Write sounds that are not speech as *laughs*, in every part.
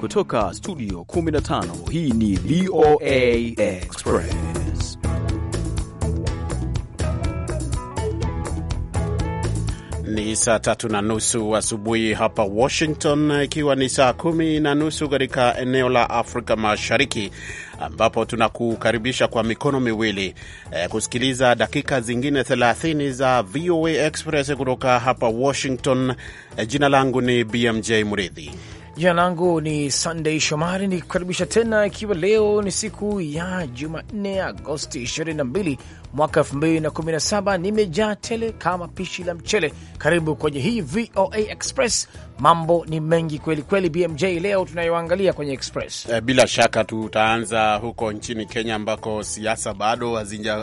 Kutoka studio 15 hii ni VOA Express. Ni saa tatu na nusu asubuhi hapa Washington, ikiwa ni saa kumi na nusu katika eneo la Afrika Mashariki, ambapo tunakukaribisha kwa mikono miwili eh, kusikiliza dakika zingine 30 za VOA Express kutoka hapa Washington. Eh, jina langu ni BMJ Muridhi Jina langu ni Sunday Shomari, nikukaribisha tena, ikiwa leo ni siku ya Jumanne, Agosti 22 mwaka 2017 nimejaa tele kama pishi la mchele. Karibu kwenye hii VOA Express. Mambo ni mengi kweli kweli, BMJ, leo tunayoangalia kwenye Express. Eh, bila shaka tutaanza huko nchini Kenya ambako siasa bado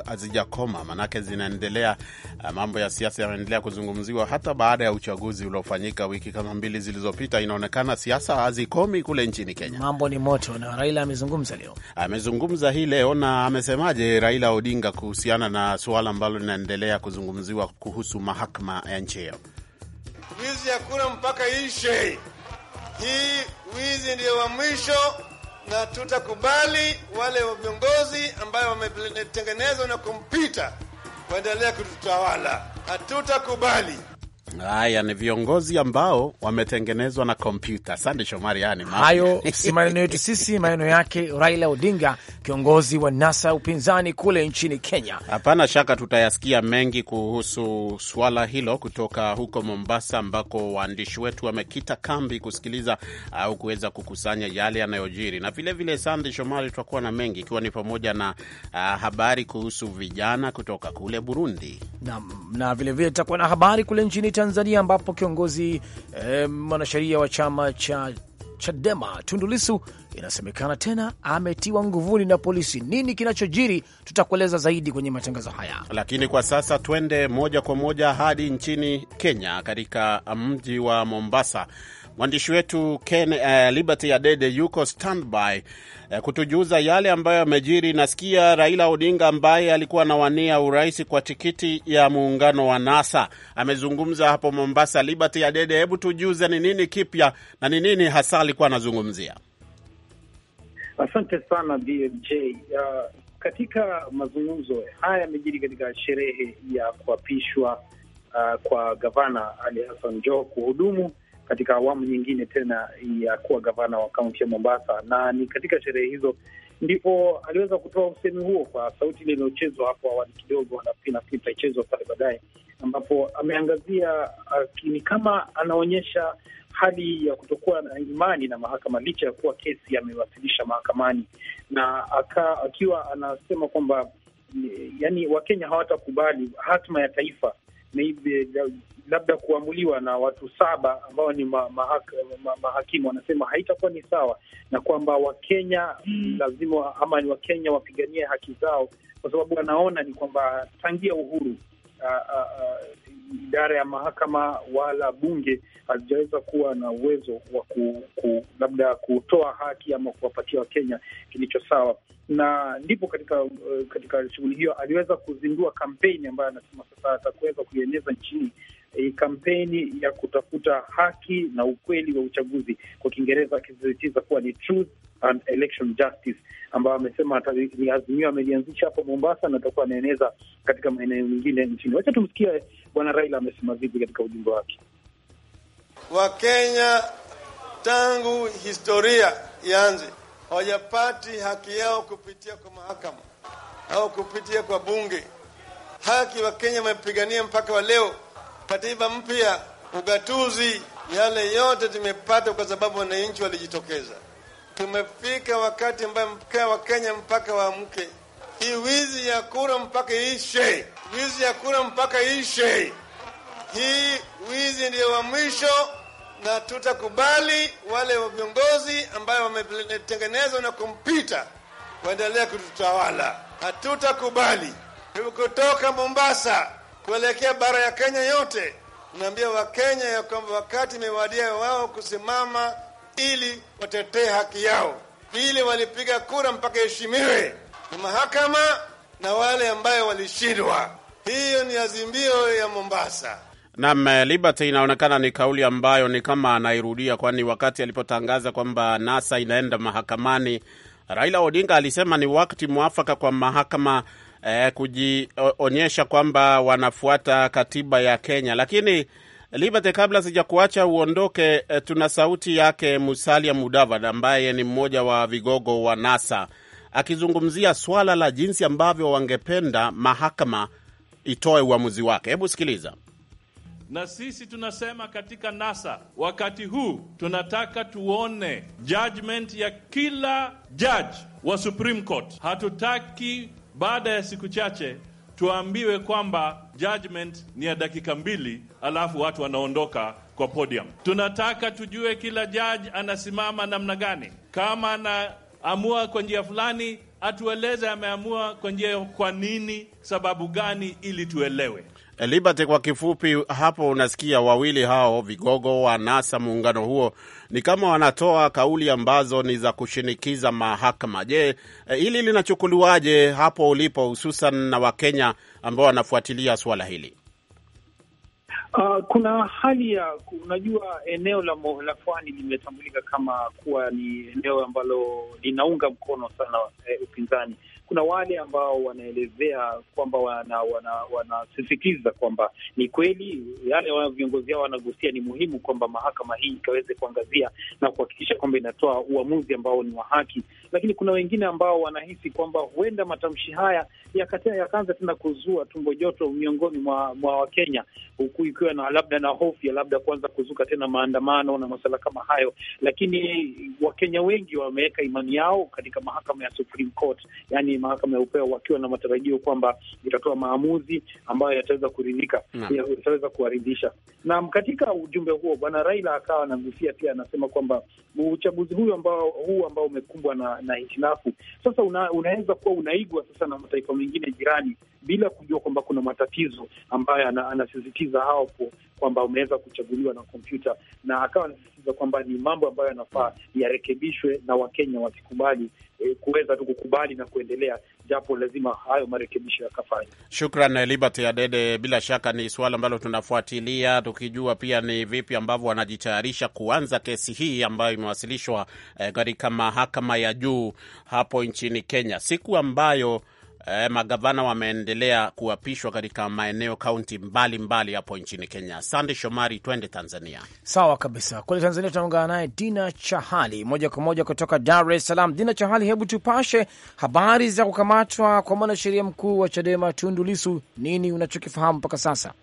hazijakoma, manake zinaendelea, eh, mambo ya siasa yanaendelea kuzungumziwa hata baada ya uchaguzi uliofanyika wiki kama mbili zilizopita. Inaonekana siasa hazikomi kule nchini Kenya, mambo ni moto, na Raila amezungumza leo, amezungumza hii leo na amesemaje Raila Odinga kuhusiana kuhusiana na suala ambalo linaendelea kuzungumziwa kuhusu mahakama ya nchi hiyo. Wizi hakuna mpaka ishe. Hii wizi ndio wa mwisho, na tutakubali wale viongozi ambayo wametengenezwa na kompyuta kuendelea kututawala. Hatutakubali. Haya ni viongozi ambao wametengenezwa na kompyuta. Sande Shomari, yani hayo *laughs* si maneno yetu sisi, maneno yake Raila Odinga, kiongozi wa NASA upinzani kule nchini Kenya. Hapana shaka tutayasikia mengi kuhusu swala hilo kutoka huko Mombasa, ambako waandishi wetu wamekita kambi kusikiliza au kuweza kukusanya yale yanayojiri, na vilevile, Sande Shomari, tutakuwa na mengi ikiwa ni pamoja na uh, habari kuhusu vijana kutoka kule Burundi na, na vilevile tutakuwa na habari kule nchini Tanzania Tanzania, ambapo kiongozi eh, mwanasheria wa chama cha Chadema tundulisu inasemekana tena ametiwa nguvuni na polisi. Nini kinachojiri? Tutakueleza zaidi kwenye matangazo haya, lakini kwa sasa twende moja kwa moja hadi nchini Kenya, katika mji wa Mombasa Mwandishi wetu Ken uh, Liberty Adede yuko standby uh, kutujuza yale ambayo yamejiri. Nasikia Raila Odinga ambaye alikuwa anawania urais kwa tikiti ya muungano wa NASA amezungumza hapo Mombasa. Liberty Adede, hebu tujuze ni nini kipya na ni nini hasa alikuwa anazungumzia? Asante sana BMJ. Uh, katika mazungumzo haya yamejiri katika sherehe ya kuapishwa uh, kwa gavana Ali Hassan Joho kuhudumu katika awamu nyingine tena ya kuwa gavana wa kaunti ya Mombasa, na ni katika sherehe hizo ndipo aliweza kutoa usemi huo kwa sauti ile iliyochezwa hapo awali kidogo, nafikiri itachezwa pale baadaye, ambapo ameangazia ah, ni kama anaonyesha hali ya kutokuwa na imani na mahakama licha ya kuwa kesi amewasilisha mahakamani, na aka, akiwa anasema kwamba eh, yani Wakenya hawatakubali hatima ya taifa maybe labda kuamuliwa na watu saba ambao ni ma, mahak, ma, mahakimu wanasema haitakuwa ni sawa, na kwamba Wakenya mm, lazima ama ni Wakenya wapiganie haki zao, kwa sababu wanaona ni kwamba tangia uhuru uh, uh, uh, idara ya mahakama wala bunge hazijaweza kuwa na uwezo wa ku, ku, labda kutoa haki ama kuwapatia Wakenya kilicho sawa, na ndipo katika uh, katika shughuli hiyo aliweza kuzindua kampeni ambayo anasema sasa atakuweza kuieneza nchini e, kampeni ya kutafuta haki na ukweli wa uchaguzi, kwa Kiingereza akisisitiza kuwa ni truth and election justice, ambayo amesema ni Azimio amelianzisha hapo Mombasa na atakuwa anaeneza katika maeneo mengine nchini. Wacha tumsikie Bwana Raila amesema vipi katika ujumbe wake. Wakenya tangu historia ianze hawajapati haki yao kupitia kwa mahakama au kupitia kwa bunge. Haki Wakenya wamepigania mpaka wa leo katiba mpya, ugatuzi, yale yote tumepata kwa sababu wananchi walijitokeza. Tumefika wakati ambayo mkaa wa Kenya mpaka waamke. Hii wizi ya kura mpaka ishe, wizi ya kura mpaka ishe. Hii wizi ndiyo wa mwisho, na tutakubali wale viongozi ambayo wametengenezwa na kompyuta waendelea kututawala, hatutakubali. Tukutoka Mombasa kuelekea bara ya Kenya yote. Tunaambia Wakenya ya kwamba wakati imewadia wao kusimama ili watetee haki yao, ili walipiga kura mpaka heshimiwe na mahakama na wale ambayo walishindwa. Hiyo ni azimbio ya Mombasa. Naam, eh, Liberty, inaonekana ni kauli ambayo ni kama anairudia, kwani wakati alipotangaza kwamba NASA inaenda mahakamani, Raila Odinga alisema ni wakati mwafaka kwa mahakama eh, kujionyesha kwamba wanafuata katiba ya Kenya. Lakini Liberty, kabla sijakuacha uondoke, eh, tuna sauti yake Musalia Mudavadi ambaye ni mmoja wa vigogo wa NASA akizungumzia swala la jinsi ambavyo wangependa mahakama itoe uamuzi wake. Hebu sikiliza. Na sisi tunasema katika NASA wakati huu tunataka tuone judgment ya kila judge wa Supreme Court. Hatutaki baada ya siku chache tuambiwe kwamba judgment ni ya dakika mbili, alafu watu wanaondoka kwa podium. Tunataka tujue kila judge anasimama namna gani, kama anaamua kwa njia fulani atueleze ameamua kwa njia, kwa nini, sababu gani, ili tuelewe. Liberty, kwa kifupi hapo, unasikia wawili hao vigogo wa NASA, muungano huo ni kama wanatoa kauli ambazo ni za kushinikiza mahakama. Je, eh, hili linachukuliwaje hapo ulipo, hususan na Wakenya ambao wanafuatilia suala hili? Uh, kuna hali ya unajua, eneo la la pwani limetambulika kama kuwa ni eneo ambalo linaunga mkono sana eh, upinzani kuna wale ambao wanaelezea kwamba wanasisitiza wana, wana kwamba ni kweli yale viongozi hao wanagusia, ni muhimu kwamba mahakama hii ikaweze kuangazia na kuhakikisha kwamba inatoa uamuzi ambao ni wa haki lakini kuna wengine ambao wanahisi kwamba huenda matamshi haya yakaanza tena kuzua tumbo joto miongoni mwa, mwa Wakenya, huku ikiwa na labda na hofu ya labda kuanza kuzuka tena maandamano na masuala kama hayo. Lakini Wakenya wengi wameweka imani yao katika mahakama ya Supreme Court, yani mahakama ya upeo, wakiwa na matarajio kwamba itatoa maamuzi ambayo yataweza kuridhika, yataweza kuwaridhisha. Na katika ujumbe huo Bwana Raila akawa anagusia pia, anasema kwamba uchaguzi huyu ambao huu ambao umekumbwa na na, hitilafu. Sasa una, unaweza kuwa unaigwa sasa na mataifa mengine jirani bila kujua kwamba kuna matatizo ambayo anasisitiza hapo kwamba umeweza kuchaguliwa na kompyuta, na akawa anasisitiza kwamba ni mambo ambayo yanafaa yarekebishwe na Wakenya wasikubali e, kuweza tu kukubali na kuendelea, japo lazima hayo marekebisho yakafanya. Shukran eh, Liberty Adede, bila shaka ni suala ambalo tunafuatilia tukijua pia ni vipi ambavyo wanajitayarisha kuanza kesi hii ambayo imewasilishwa eh, katika eh, mahakama ya juu hapo nchini Kenya siku ambayo eh, magavana wameendelea kuapishwa katika maeneo kaunti mbalimbali hapo nchini Kenya. Sande Shomari, twende Tanzania. Sawa kabisa, kule Tanzania tunaungana naye Dina Chahali moja kwa moja kutoka Dar es Salaam. Dina Chahali, hebu tupashe habari za kukamatwa kwa mwanasheria mkuu wa Chadema Tundu Lisu, nini unachokifahamu mpaka sasa?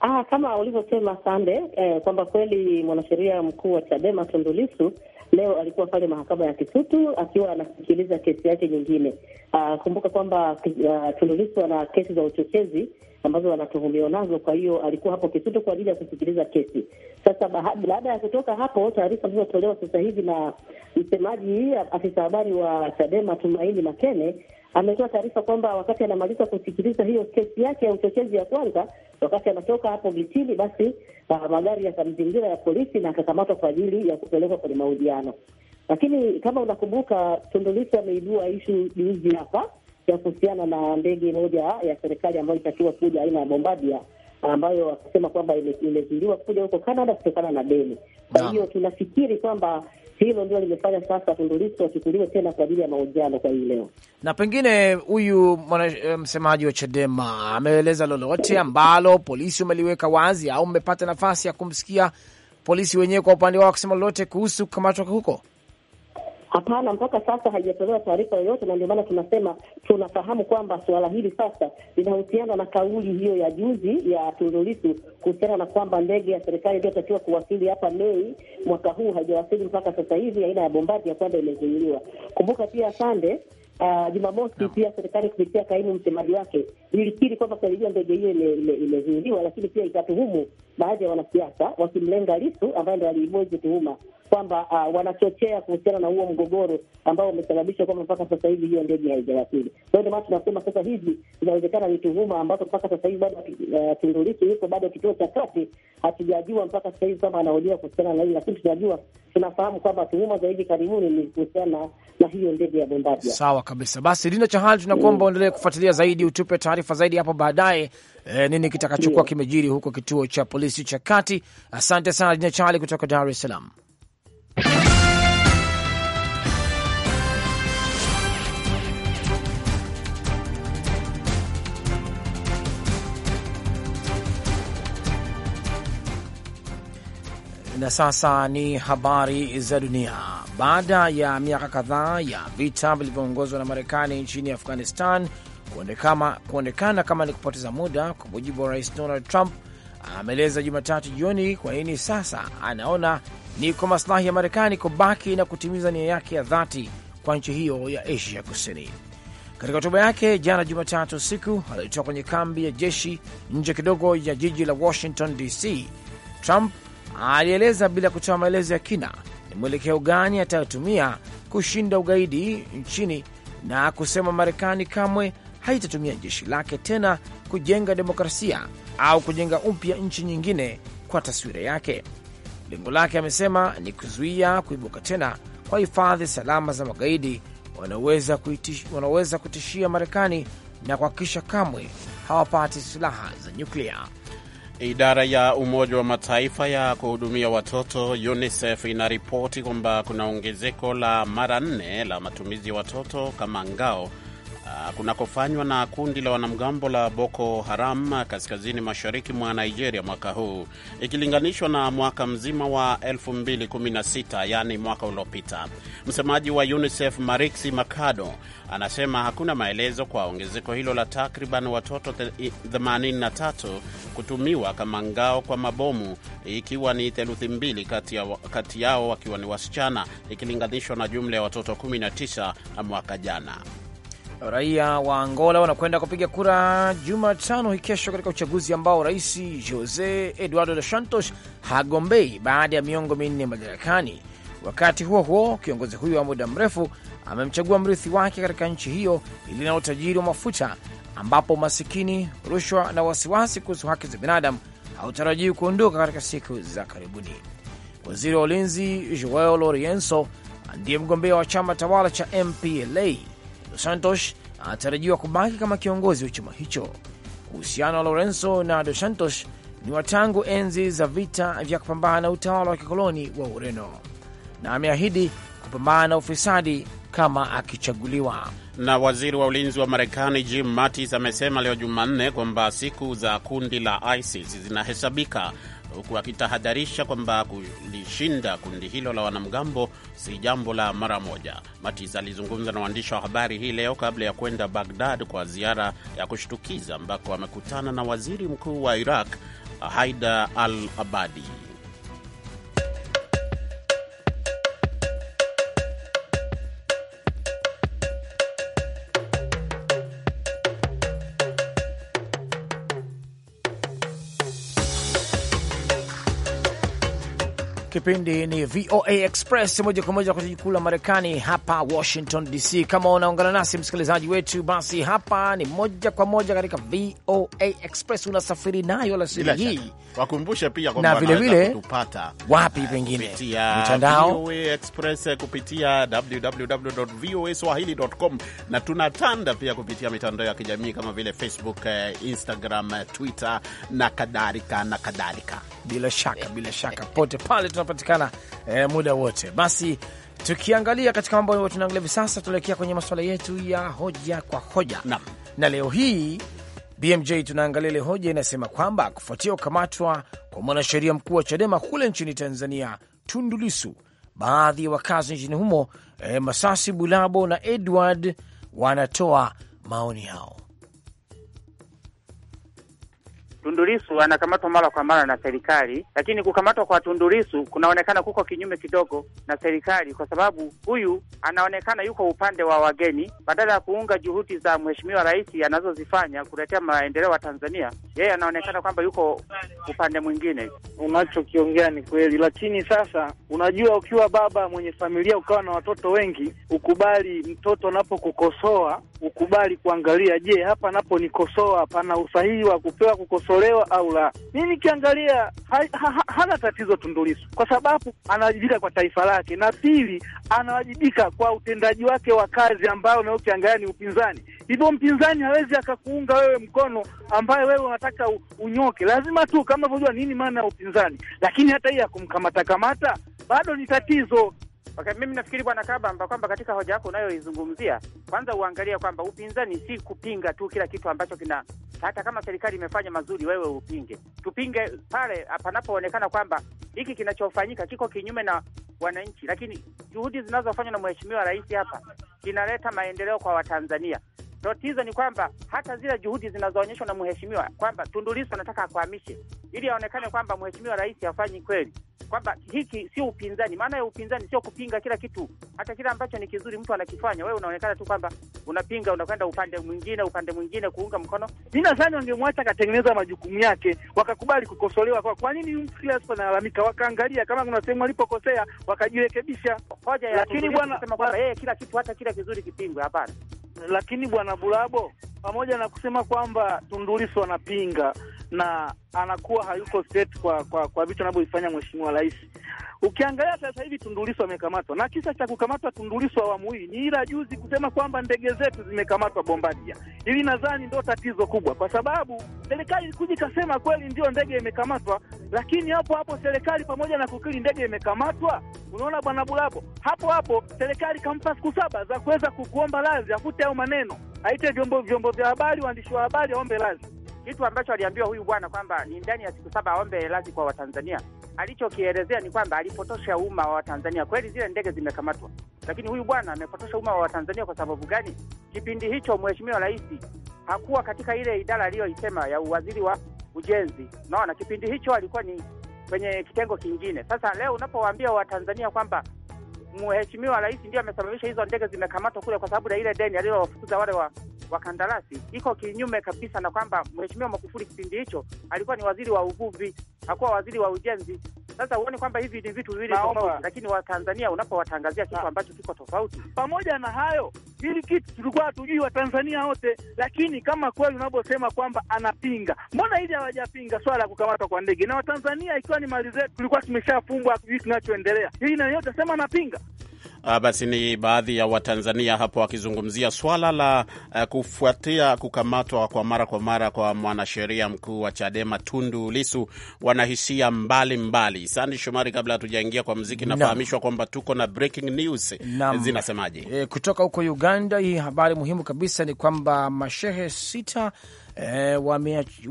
Ah, kama ulivyosema Sande eh, kwamba kweli mwanasheria mkuu wa Chadema Tundu Lisu Leo alikuwa pale mahakama ya Kisutu akiwa anasikiliza kesi yake nyingine. Uh, kumbuka kwamba uh, Tundu Lissu ana kesi za uchochezi ambazo wanatuhumiwa nazo. Kwa hiyo alikuwa hapo Kisutu kwa ajili ya kusikiliza kesi. Sasa baada ya kutoka hapo, taarifa zilizotolewa sasa hivi na msemaji, afisa habari wa Chadema Tumaini Makene ametoa taarifa kwamba wakati anamaliza kusikiliza hiyo kesi yake ya uchochezi ya kwanza Wakati anatoka hapo vitini, basi uh, magari yakamzingira ya polisi na akakamatwa kwa ajili ya kupelekwa kwenye mahojiano. Lakini kama unakumbuka, Tundu Lissu ameibua ishu juzi hapa ya kuhusiana na ndege moja ya serikali ambayo itakiwa kuja aina ya Bombardier ambayo wakasema kwamba imezuiliwa kuja huko Canada kutokana na deni. Kwa hiyo tunafikiri kwamba hilo ndio limefanya sasa Tundu Lissu wachukuliwe tena kwa ajili ya mahojiano kwa hii leo. Na pengine huyu eh, msemaji wa Chadema ameeleza lolote ambalo polisi umeliweka wazi, au mmepata nafasi ya kumsikia polisi wenyewe kwa upande wao kusema lolote kuhusu kukamatwa huko? Hapana, mpaka sasa haijatolewa taarifa yoyote, na ndio maana tunasema tunafahamu kwamba suala hili sasa linahusiana na kauli hiyo ya juzi ya Tundu Lissu kuhusiana na kwamba ndege ya serikali iliyotakiwa kuwasili hapa Mei mwaka huu haijawasili mpaka sasa hivi, aina ya Bombati ya kwanza imezuiliwa. Kumbuka pia sande Uh, Jumamosi no. Pia serikali kupitia kaimu msemaji wake ilikiri kwamba hiyo ndege hiyo imezuiliwa, lakini pia ikatuhumu baadhi ya wanasiasa wakimlenga Lisu ambaye ndo aliibua hizi tuhuma kwamba uh, wanachochea kuhusiana na huo mgogoro ambao umesababisha kwamba mpaka sasa hivi hiyo ndege haijawasili. Kwa hiyo ndio maana tunasema sasa hivi inawezekana ni tuhuma ambazo mpaka sasa hivi bado uh, eh, Tundu Lissu yuko bado kituo cha kati, hatujajua mpaka sasa hivi kama anahojiwa kuhusiana na hili, lakini tunajua tunafahamu kwamba tuhuma za hivi karibuni ni kuhusiana na hiyo ndege ya Bombardier. Sawa kabisa. Basi Linda Chahali, tunakuomba mm. uendelee kufuatilia zaidi, utupe taarifa zaidi hapo baadaye, E, nini kitakachokuwa kimejiri huko kituo cha polisi cha kati. Asante sana Linda Chahali kutoka Dar es Salaam. Na sasa ni habari za dunia. Baada ya miaka kadhaa ya vita vilivyoongozwa na Marekani nchini Afghanistan kuonekana kama ni kupoteza muda, kwa mujibu wa Rais Donald Trump ameeleza Jumatatu jioni kwa nini sasa anaona ni kwa maslahi ya Marekani kubaki na kutimiza nia yake ya dhati kwa nchi hiyo ya Asia Kusini. Katika hotuba yake jana Jumatatu usiku aliyotoa kwenye kambi ya jeshi nje kidogo ya jiji la Washington DC, Trump alieleza bila kutoa maelezo ya kina ni mwelekeo gani atayotumia kushinda ugaidi nchini na kusema Marekani kamwe haitatumia jeshi lake tena kujenga demokrasia au kujenga upya nchi nyingine kwa taswira yake. Lengo lake, amesema, ni kuzuia kuibuka tena kwa hifadhi salama za magaidi wanaoweza kutishia, kutishia Marekani na kuhakikisha kamwe hawapati silaha za nyuklia. Idara ya Umoja wa Mataifa ya kuhudumia watoto UNICEF inaripoti kwamba kuna ongezeko la mara nne la matumizi ya watoto kama ngao Ah, kunakofanywa na kundi la wanamgambo la Boko Haram kaskazini mashariki mwa Nigeria mwaka huu ikilinganishwa na mwaka mzima wa 2016 yaani mwaka uliopita. Msemaji wa UNICEF Marixi Makado anasema hakuna maelezo kwa ongezeko hilo la takriban watoto 83 kutumiwa kama ngao kwa mabomu, ikiwa ni theluthi mbili kati yao, kati yao wakiwa ni wasichana ikilinganishwa na jumla ya watoto 19 mwaka jana. Raia wa Angola wanakwenda kupiga kura Jumatano hii kesho katika uchaguzi ambao rais Jose Eduardo dos Santos hagombei baada ya miongo minne madarakani. Wakati huo huo, kiongozi huyo wa muda mrefu amemchagua mrithi wake katika nchi hiyo iliyo na utajiri wa mafuta, ambapo umasikini, rushwa na wasiwasi kuhusu haki za binadamu hautarajiwi kuondoka katika siku za karibuni. Waziri wa ulinzi Joao Lourenco ndiye mgombea wa chama tawala cha MPLA Dos Santos anatarajiwa kubaki kama kiongozi wa chama hicho. Uhusiano wa Lorenzo na Dos Santos ni wa tangu enzi za vita vya kupambana na utawala wa kikoloni wa Ureno, na ameahidi kupambana na ufisadi kama akichaguliwa. Na waziri wa ulinzi wa Marekani Jim Mattis amesema leo Jumanne kwamba siku za kundi la ISIS zinahesabika huku akitahadharisha kwamba kulishinda kundi hilo la wanamgambo si jambo la mara moja. Matis alizungumza na waandishi wa habari hii leo kabla ya kwenda Bagdad kwa ziara ya kushtukiza ambako amekutana na waziri mkuu wa Iraq Haida al Abadi. Kipindi ni VOA Express moja kwa moja kutoka jiji kuu la Marekani hapa Washington DC. Kama unaungana nasi msikilizaji wetu, basi hapa ni moja kwa moja katika VOA Express unasafiri nayo alasiri hii. Wakumbushe pia kwamba na vilevile tupata wapi eh, pengine mtandao VOA Express eh, kupitia www.voaswahili.com, na tunatanda pia kupitia mitandao ya kijamii kama vile Facebook, eh, Instagram, Twitter na kadhalika na kadhalika bila shaka, bila shaka pote pale tunapatikana eh, muda wote. Basi tukiangalia katika mambo ambayo tunaangalia hivi sasa, tunaelekea kwenye masuala yetu ya hoja kwa hoja na, na leo hii BMJ tunaangalia ile hoja inasema kwamba kufuatia kukamatwa kwa mwanasheria mkuu wa Chadema kule nchini Tanzania tundulisu baadhi ya wakazi nchini humo eh, Masasi Bulabo na Edward wanatoa maoni yao. Tundulisu anakamatwa mara kwa mara na serikali, lakini kukamatwa kwa Tundulisu kunaonekana kuko kinyume kidogo na serikali, kwa sababu huyu anaonekana yuko upande wa wageni, badala ya kuunga juhudi za mheshimiwa rais anazozifanya kuletea maendeleo wa Tanzania, yeye anaonekana kwamba yuko upande mwingine. Unachokiongea ni kweli, lakini sasa, unajua, ukiwa baba mwenye familia ukawa na watoto wengi, ukubali mtoto anapokukosoa ukubali kuangalia, je, hapa naponikosoa pana usahihi wa kupewa kukosolewa au la? Mi nikiangalia ha, ha, ha, hana tatizo Tundu Lissu kwa sababu anawajibika kwa taifa lake, na pili anawajibika kwa utendaji wake wa kazi ambayo na ukiangalia ni upinzani. Hivyo mpinzani hawezi akakuunga wewe mkono ambaye wewe unataka unyoke, lazima tu kama unavyojua nini maana ya upinzani. Lakini hata hii ya kumkamata kamata bado ni tatizo. Okay, mimi nafikiri Bwana Kabamba kwamba katika hoja yako unayoizungumzia, kwanza uangalia kwamba upinzani si kupinga tu kila kitu ambacho kina, hata kama serikali imefanya mazuri, wewe upinge. Tupinge pale panapoonekana kwamba hiki kinachofanyika kiko kinyume na wananchi, lakini juhudi zinazofanywa na mheshimiwa rais hapa kinaleta maendeleo kwa Watanzania. Tatizo ni kwamba hata zile juhudi zinazoonyeshwa na mheshimiwa kwamba Tundu Lissu anataka akwamishe ili aonekane kwamba mheshimiwa rais hafanyi kweli, kwamba hiki sio upinzani. Maana ya upinzani sio kupinga kila kitu, hata kile ambacho ni kizuri mtu anakifanya, wewe unaonekana tu kwamba unapinga, unakwenda upande mwingine, upande mwingine kuunga mkono. Mi nadhani wangemwacha akatengeneza majukumu yake, wakakubali kukosolewa. Kwa kwa nini mtu kila siku analalamika? Wakaangalia kama kuna sehemu alipokosea, wakajirekebisha. Hoja ya lakini bwana kwamba yeye kila kitu hata kila kizuri kipingwe, hapana. Lakini bwana Bulabo, pamoja na kusema kwamba Tundu Lissu anapinga na anakuwa hayuko state kwa kwa, kwa vitu anavyoifanya mheshimiwa rais. Ukiangalia sasa hivi Tundu Lissu amekamatwa, na kisa cha kukamatwa Tundu Lissu awamu hii ni ila juzi kusema kwamba ndege zetu zimekamatwa Bombadia. Hili nadhani ndio tatizo kubwa, kwa sababu serikali ilikuja ikasema kweli ndio ndege imekamatwa, lakini hapo hapo serikali pamoja na kukiri ndege imekamatwa, unaona bwana Bulabo, hapo hapo serikali kampa siku saba za kuweza kukuomba radhi, afute hayo maneno aite vyombo vyombo vya habari, waandishi wa habari, aombe radhi, kitu ambacho aliambiwa huyu bwana kwamba ni ndani ya siku saba aombe radhi kwa Watanzania. Alichokielezea ni kwamba alipotosha umma wa Watanzania. Kweli zile ndege zimekamatwa, lakini huyu bwana amepotosha umma wa Watanzania. Kwa sababu gani? Kipindi hicho Mheshimiwa Rais hakuwa katika ile idara aliyoisema ya uwaziri wa ujenzi, naona kipindi hicho alikuwa ni kwenye kitengo kingine. Sasa leo unapowaambia Watanzania kwamba mheshimiwa rais ndio amesababisha hizo ndege zimekamatwa kule, kwa sababu ya ile deni aliyowafukuza wale wa wakandarasi. Iko kinyume kabisa na kwamba mheshimiwa Magufuli kipindi hicho alikuwa ni waziri wa uvuvi, hakuwa waziri wa ujenzi. Sasa uone kwamba hivi ni vitu viwili tofauti, lakini Watanzania unapowatangazia kitu ah. ambacho kiko tofauti. Pamoja na hayo, hili kitu tulikuwa hatujui Watanzania wote, lakini kama kweli unavyosema kwamba anapinga, mbona hili hawajapinga swala ya kukamatwa kwa ndege? Na Watanzania ikiwa ni mali zetu, tulikuwa tumeshafungwa hii tunachoendelea hii, na yeye utasema anapinga Uh, basi ni baadhi ya Watanzania hapo wakizungumzia swala la uh, kufuatia kukamatwa kwa mara kwa mara kwa mwanasheria mkuu wa Chadema Tundu Lisu, wanahisia mbalimbali. Sandi Shomari, kabla hatujaingia kwa mziki, nafahamishwa kwamba tuko na breaking news. Zinasemaje e, kutoka huko Uganda? Hii habari muhimu kabisa ni kwamba mashehe sita e,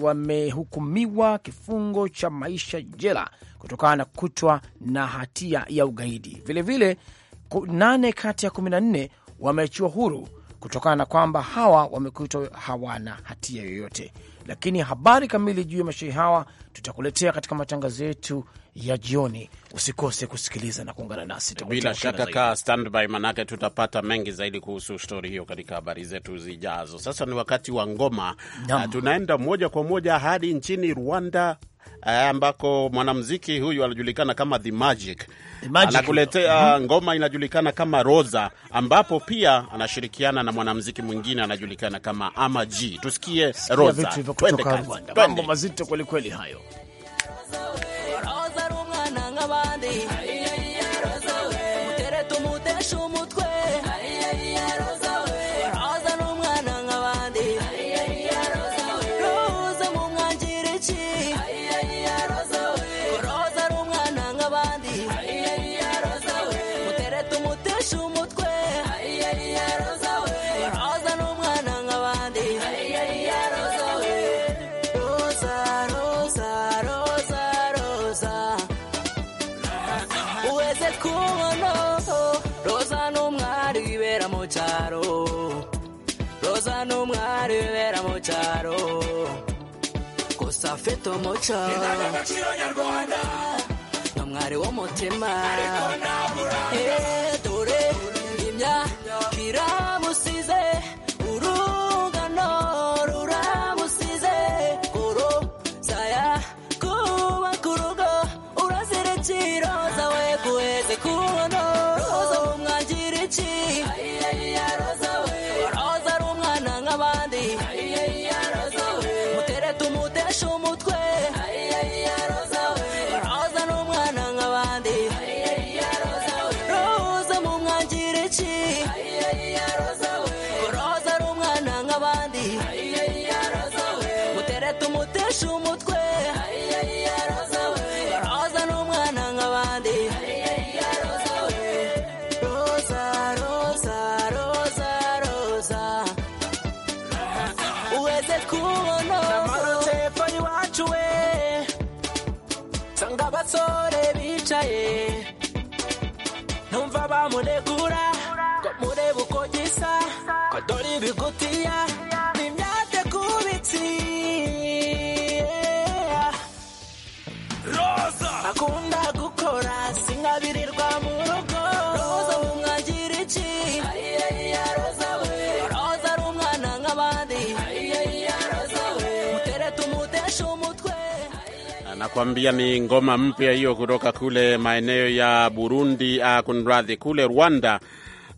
wamehukumiwa wame kifungo cha maisha jela kutokana na kutwa na hatia ya ugaidi vilevile vile, nane kati ya na nne wameachiwa huru kutokana na kwamba hawa wamekutwa hawana hatia yoyote lakini habari kamili juu ya mashehe hawa tutakuletea katika matangazo yetu ya jioni. Usikose kusikiliza na kuungana nasi bila shaka. Kaa standby, manake tutapata mengi zaidi kuhusu stori hiyo katika habari zetu zijazo. Sasa ni wakati wa ngoma. Uh, tunaenda moja kwa moja hadi nchini Rwanda eh, ambako mwanamziki huyu anajulikana kama The Magic, The Magic anakuletea mhm. ngoma inajulikana kama Roza, ambapo pia anashirikiana na mwanamziki mwingine anajulikana kama Ama G. Tusikie twende Kagwanda, mambo mazito kweli kweli hayo. Mare mocharo kosafeto mocha namwari w'umutima ariko nabura Nakwambia ni ngoma mpya hiyo kutoka kule maeneo ya Burundi, uh, kunradhi, kule Rwanda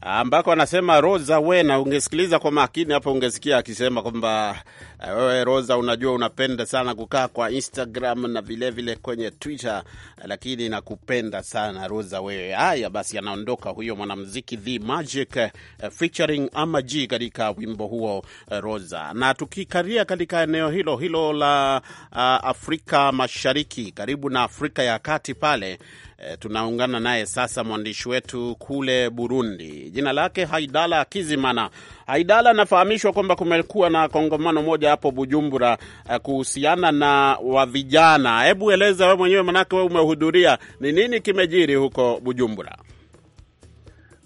ambako anasema Rosa Wena, ungesikiliza kwa makini hapo, ungesikia akisema kwamba eh, wewe Rosa, unajua unapenda sana kukaa kwa Instagram na vilevile vile kwenye Twitter, lakini nakupenda sana Rosa wewe. Haya basi, anaondoka huyo mwanamuziki The Magic eh, featuring Ama G katika wimbo huo eh, Rosa. Na tukikaria katika eneo hilo hilo la ah, Afrika Mashariki, karibu na Afrika ya Kati pale E, tunaungana naye sasa mwandishi wetu kule Burundi, jina lake Haidala Kizimana. Haidala, nafahamishwa kwamba kumekuwa na kongamano moja hapo Bujumbura eh, kuhusiana na wa vijana. Hebu eleza we mwenyewe, manake we umehudhuria, ni nini kimejiri huko Bujumbura?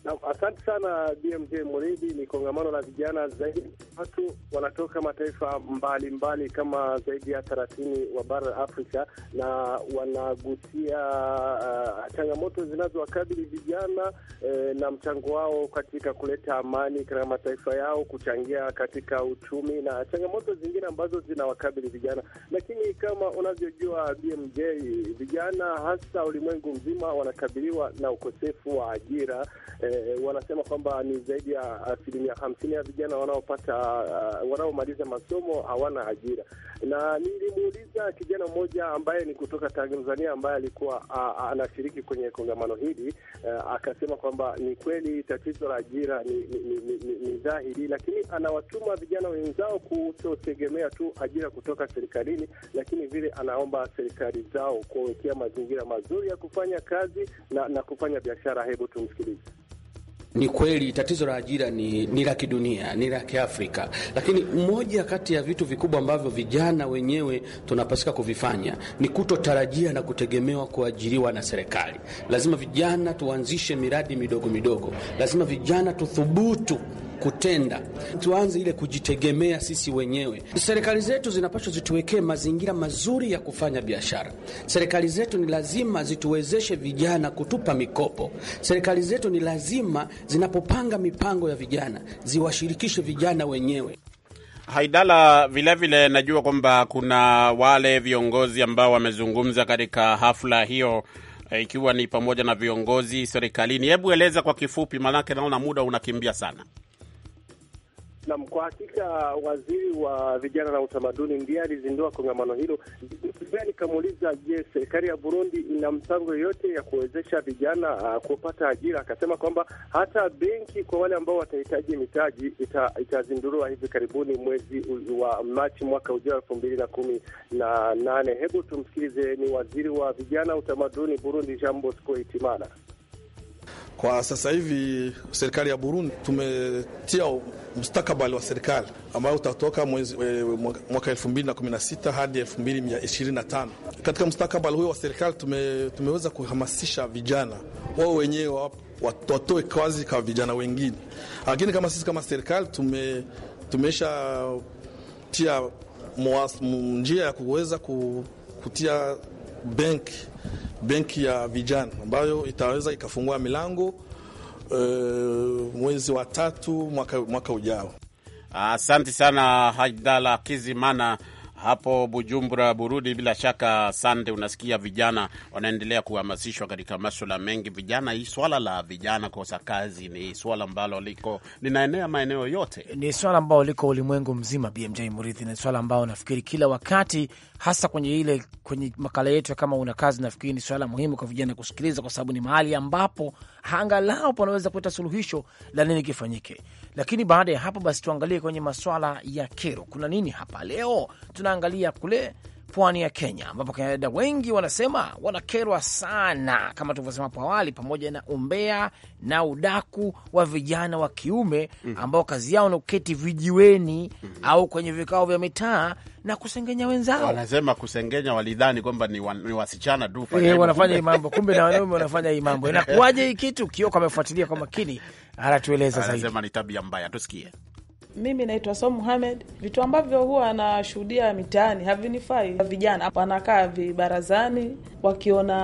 Na asante sana BMJ Muridi. Ni kongamano la vijana zaidi, watu wanatoka mataifa mbalimbali mbali, kama zaidi ya thelathini wa bara la Afrika, na wanagusia uh, changamoto zinazowakabili vijana eh, na mchango wao katika kuleta amani katika mataifa yao, kuchangia katika uchumi na changamoto zingine ambazo zinawakabili vijana. Lakini kama unavyojua BMJ, vijana hasa ulimwengu mzima wanakabiliwa na ukosefu wa ajira eh, Eh, wanasema kwamba ni zaidi ya asilimia hamsini ya vijana wanaopata uh, wanaomaliza masomo hawana ajira, na nilimuuliza kijana mmoja ambaye ni kutoka Tanzania ambaye alikuwa uh, anashiriki kwenye kongamano hili uh, akasema kwamba ni kweli tatizo la ajira ni, ni, ni, ni, ni dhahiri, lakini anawatuma vijana wenzao kutotegemea tu ajira kutoka serikalini, lakini vile anaomba serikali zao kuwekea mazingira mazuri ya kufanya kazi na, na kufanya biashara. Hebu tumsikilize. Ni kweli tatizo la ajira ni, ni la kidunia, ni la Kiafrika, lakini moja kati ya vitu vikubwa ambavyo vijana wenyewe tunapasika kuvifanya ni kutotarajia na kutegemewa kuajiriwa na serikali. Lazima vijana tuanzishe miradi midogo midogo, lazima vijana tuthubutu kutenda. Tuanze ile kujitegemea sisi wenyewe. Serikali zetu zinapaswa zituwekee mazingira mazuri ya kufanya biashara. Serikali zetu ni lazima zituwezeshe vijana kutupa mikopo. Serikali zetu ni lazima zinapopanga mipango ya vijana ziwashirikishe vijana wenyewe. Haidala, vilevile najua kwamba kuna wale viongozi ambao wamezungumza katika hafla hiyo, eh, ikiwa ni pamoja na viongozi serikalini. Hebu eleza kwa kifupi, maanake naona muda unakimbia sana. Nam, kwa hakika waziri wa vijana na utamaduni ndiye alizindua kongamano hilo. Pia nikamuuliza, je, serikali ya Burundi ina mpango yoyote ya kuwezesha vijana uh, kupata ajira? Akasema kwamba hata benki kwa wale ambao watahitaji mitaji ita, itazinduliwa hivi karibuni mwezi wa Machi mwaka ujao elfu mbili na kumi na nane. Hebu tumsikilize, ni waziri wa vijana utamaduni Burundi, Jean Bosco Hitimana. Kwa sasa hivi serikali ya Burundi tumetia mustakabali wa serikali ambayo utatoka mwezi, eh, mwaka 2016 hadi 2025. Katika mustakabali huyo wa serikali tume, tumeweza kuhamasisha vijana wao wenyewe watoe kazi kwa vijana wengine, lakini kama sisi kama serikali tume mwas, njia ya kuweza kutia benki benki ya vijana ambayo itaweza ikafungua milango uh, mwezi wa tatu mwaka, mwaka ujao. Asante sana Haidala Kizimana hapo Bujumbura, Burundi. Bila shaka, sande Unasikia vijana wanaendelea kuhamasishwa katika maswala mengi. Vijana, hii swala la vijana kosa kazi ni swala ambalo liko linaenea maeneo yote, ni swala ambalo liko ulimwengu mzima. BMJ Murithi, ni swala ambao nafikiri kila wakati hasa kwenye ile kwenye makala yetu kama una kazi, nafikiri ni swala muhimu kwa vijana kusikiliza, kwa sababu ni mahali ambapo angalau panaweza kuleta suluhisho la nini kifanyike. Lakini baada ya hapo basi, tuangalie kwenye maswala ya kero, kuna nini hapa leo. Tunaangalia kule pwani ya Kenya, ambapo Wakenya wengi wanasema wanakerwa sana, kama tulivyosema hapo awali, pamoja na umbea na udaku wa vijana wa kiume mm-hmm. ambao kazi yao ni kuketi vijiweni mm-hmm. au kwenye vikao vya mitaa na kusengenya wenzao. Wanasema kusengenya, walidhani kwamba ni, ni wasichana tu eh, wanafanya hii mambo, kumbe na wanaume wanafanya hii mambo. *laughs* Inakuwaje hii kitu? Kioko amefuatilia kwa makini, anatueleza zaidi. Anasema ni tabia mbaya, tusikie. Mimi naitwa So Muhamed. Vitu ambavyo huwa anashuhudia mitaani havinifai. Vijana wanakaa vibarazani, wakiona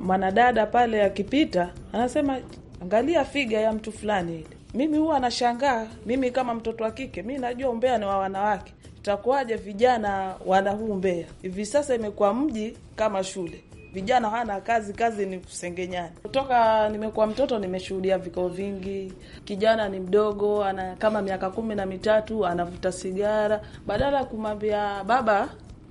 mwanadada pale akipita, anasema angalia figa ya mtu fulani ile. Mimi huwa anashangaa, mimi kama mtoto wa kike, mi najua umbea ni wa wanawake, itakuwaje vijana wana huu umbea? Hivi sasa imekuwa mji kama shule vijana hawana kazi, kazi ni kusengenyana. Kutoka nimekuwa mtoto nimeshuhudia vikao vingi. Kijana ni mdogo, ana kama miaka kumi na mitatu, anavuta sigara, badala ya kumwambia baba,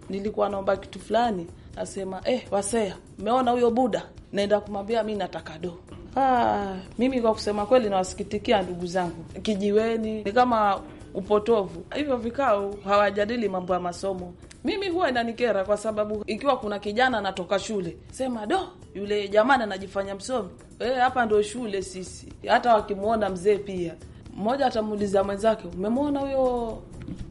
nilikuwa naomba kitu fulani, nasema eh, wasea, mmeona huyo buda, naenda kumwambia mi nataka do Ah, mimi kwa kusema kweli nawasikitikia ndugu zangu kijiweni, ni kama upotovu. Hivyo vikao hawajadili mambo ya masomo. Mimi huwa inanikera kwa sababu ikiwa kuna kijana anatoka shule, sema do, yule jamani anajifanya msomi. e hapa ndo shule sisi. Hata wakimwona mzee pia mmoja atamuuliza mwenzake, umemwona huyo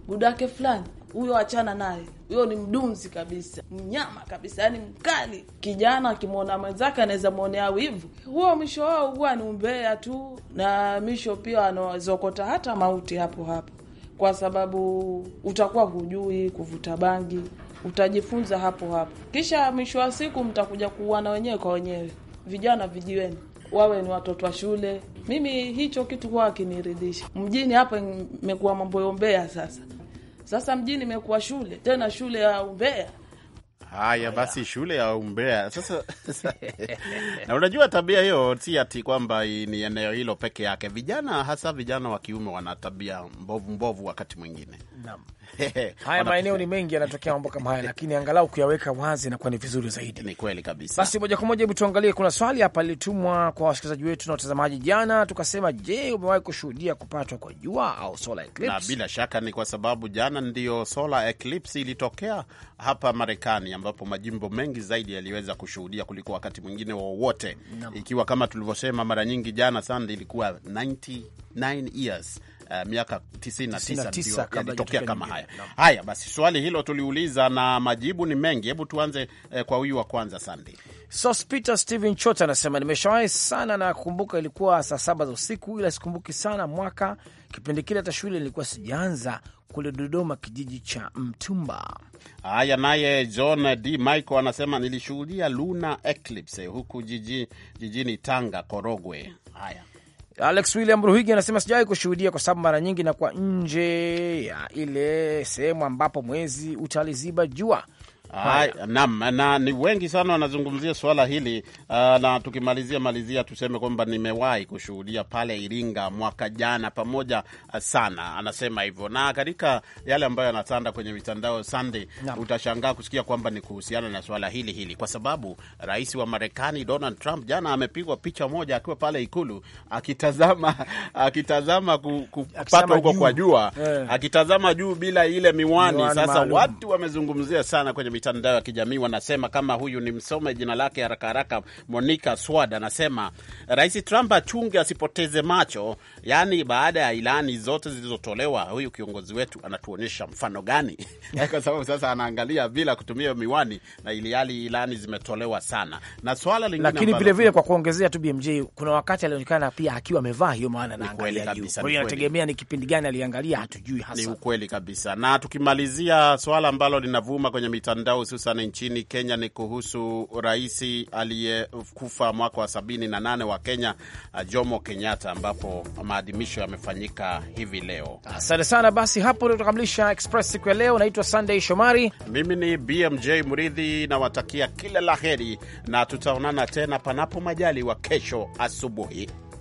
budake fulani? huyo achana naye, huyo ni mdunzi kabisa, mnyama kabisa, yani mkali. Kijana akimwona mwenzake anaweza mwonea wivu, huo mwisho wao huwa ni umbea tu, na mwisho pia anazokota hata mauti hapo hapo, kwa sababu utakuwa hujui kuvuta bangi, utajifunza hapo hapo, kisha mwisho wa siku mtakuja kuuana wenyewe kwa wenyewe, vijana vijiweni wawe ni watoto wa shule. Mimi hicho kitu huwa kiniridhisha. Mjini hapa imekuwa mambo yombea sasa, sasa mjini imekuwa shule tena, shule ya umbea Haya basi, shule ya umbea sasa. *laughs* *laughs* na unajua tabia hiyo si ati kwamba ni eneo hilo peke yake. Vijana hasa vijana wa kiume wana tabia mbovu mbovu wakati mwingine. *laughs* haya maeneo ni mengi yanatokea mambo kama haya, lakini angalau kuyaweka wazi na ni vizuri zaidi. Ni kweli kabisa. Basi moja kwa moja, hebu tuangalie, kuna swali hapa lilitumwa kwa wasikilizaji wetu na watazamaji jana, tukasema, je, umewahi kushuhudia kupatwa kwa jua au solar eclipse? Na bila shaka ni kwa sababu jana ndio solar eclipse ilitokea hapa Marekani ambapo majimbo mengi zaidi yaliweza kushuhudia kuliko wakati mwingine wowote wa ikiwa kama tulivyosema mara nyingi jana Sunday ilikuwa 99 years Uh, miaka 99 yalitokea kama haya no. Haya basi, swali hilo tuliuliza na majibu ni mengi. Hebu tuanze eh, kwa huyu wa kwanza Sunday. Peter Steven Chota anasema nimeshawahi sana na ilikuwa saa saba za usiku, ila sikumbuki sana mwaka Kipindi kile hata shule nilikuwa sijaanza kule Dodoma, kijiji cha Mtumba. Haya, naye John D Michael anasema nilishuhudia luna eclipse huku jiji, jijini Tanga, Korogwe. Haya, Alex William Ruhigi anasema sijawahi kushuhudia kwa sababu mara nyingi nakuwa nje ya ile sehemu ambapo mwezi utaliziba jua Naam, na ni wengi sana wanazungumzia swala hili uh, na tukimalizia malizia tuseme kwamba nimewahi kushuhudia pale Iringa mwaka jana pamoja ah, sana, anasema hivyo, na katika yale ambayo yanatanda kwenye mitandao Sunday, utashangaa kusikia kwamba ni kuhusiana na swala hili hili, kwa sababu rais wa Marekani Donald Trump jana amepigwa picha moja akiwa pale Ikulu akitazama *laughs* akitazama kupata huko kwa jua, yeah, akitazama juu bila ile miwani, miwani sasa maalum. Watu wamezungumzia sana kwenye mitandao ya kijamii wanasema kama huyu ni msome jina lake haraka haraka, Monica Swad anasema Rais Trump achunge asipoteze macho, yani baada ya ilani zote zilizotolewa, huyu kiongozi wetu anatuonyesha mfano gani? *laughs* Kwa sababu sasa anaangalia bila kutumia miwani, na iliali ilani zimetolewa sana. Na swala lingine lakini vilevile, kwa kuongezea tu BMJ, kuna wakati alionekana pia akiwa amevaa hiyo, maana naangalia juu, kwa hiyo inategemea ni kipindi gani aliangalia, hatujui hasa. Ni ukweli kabisa, na tukimalizia swala ambalo linavuma kwenye mitandao mjadala hususan nchini Kenya ni kuhusu rais aliyekufa mwaka wa 78 wa Kenya, Jomo Kenyatta, ambapo maadhimisho yamefanyika hivi leo. Asante sana. Basi hapo ndio tutakamilisha Express siku ya leo. Naitwa Sunday Shomari, mimi ni BMJ mridhi nawatakia kila la heri na tutaonana tena panapo majali wa kesho asubuhi.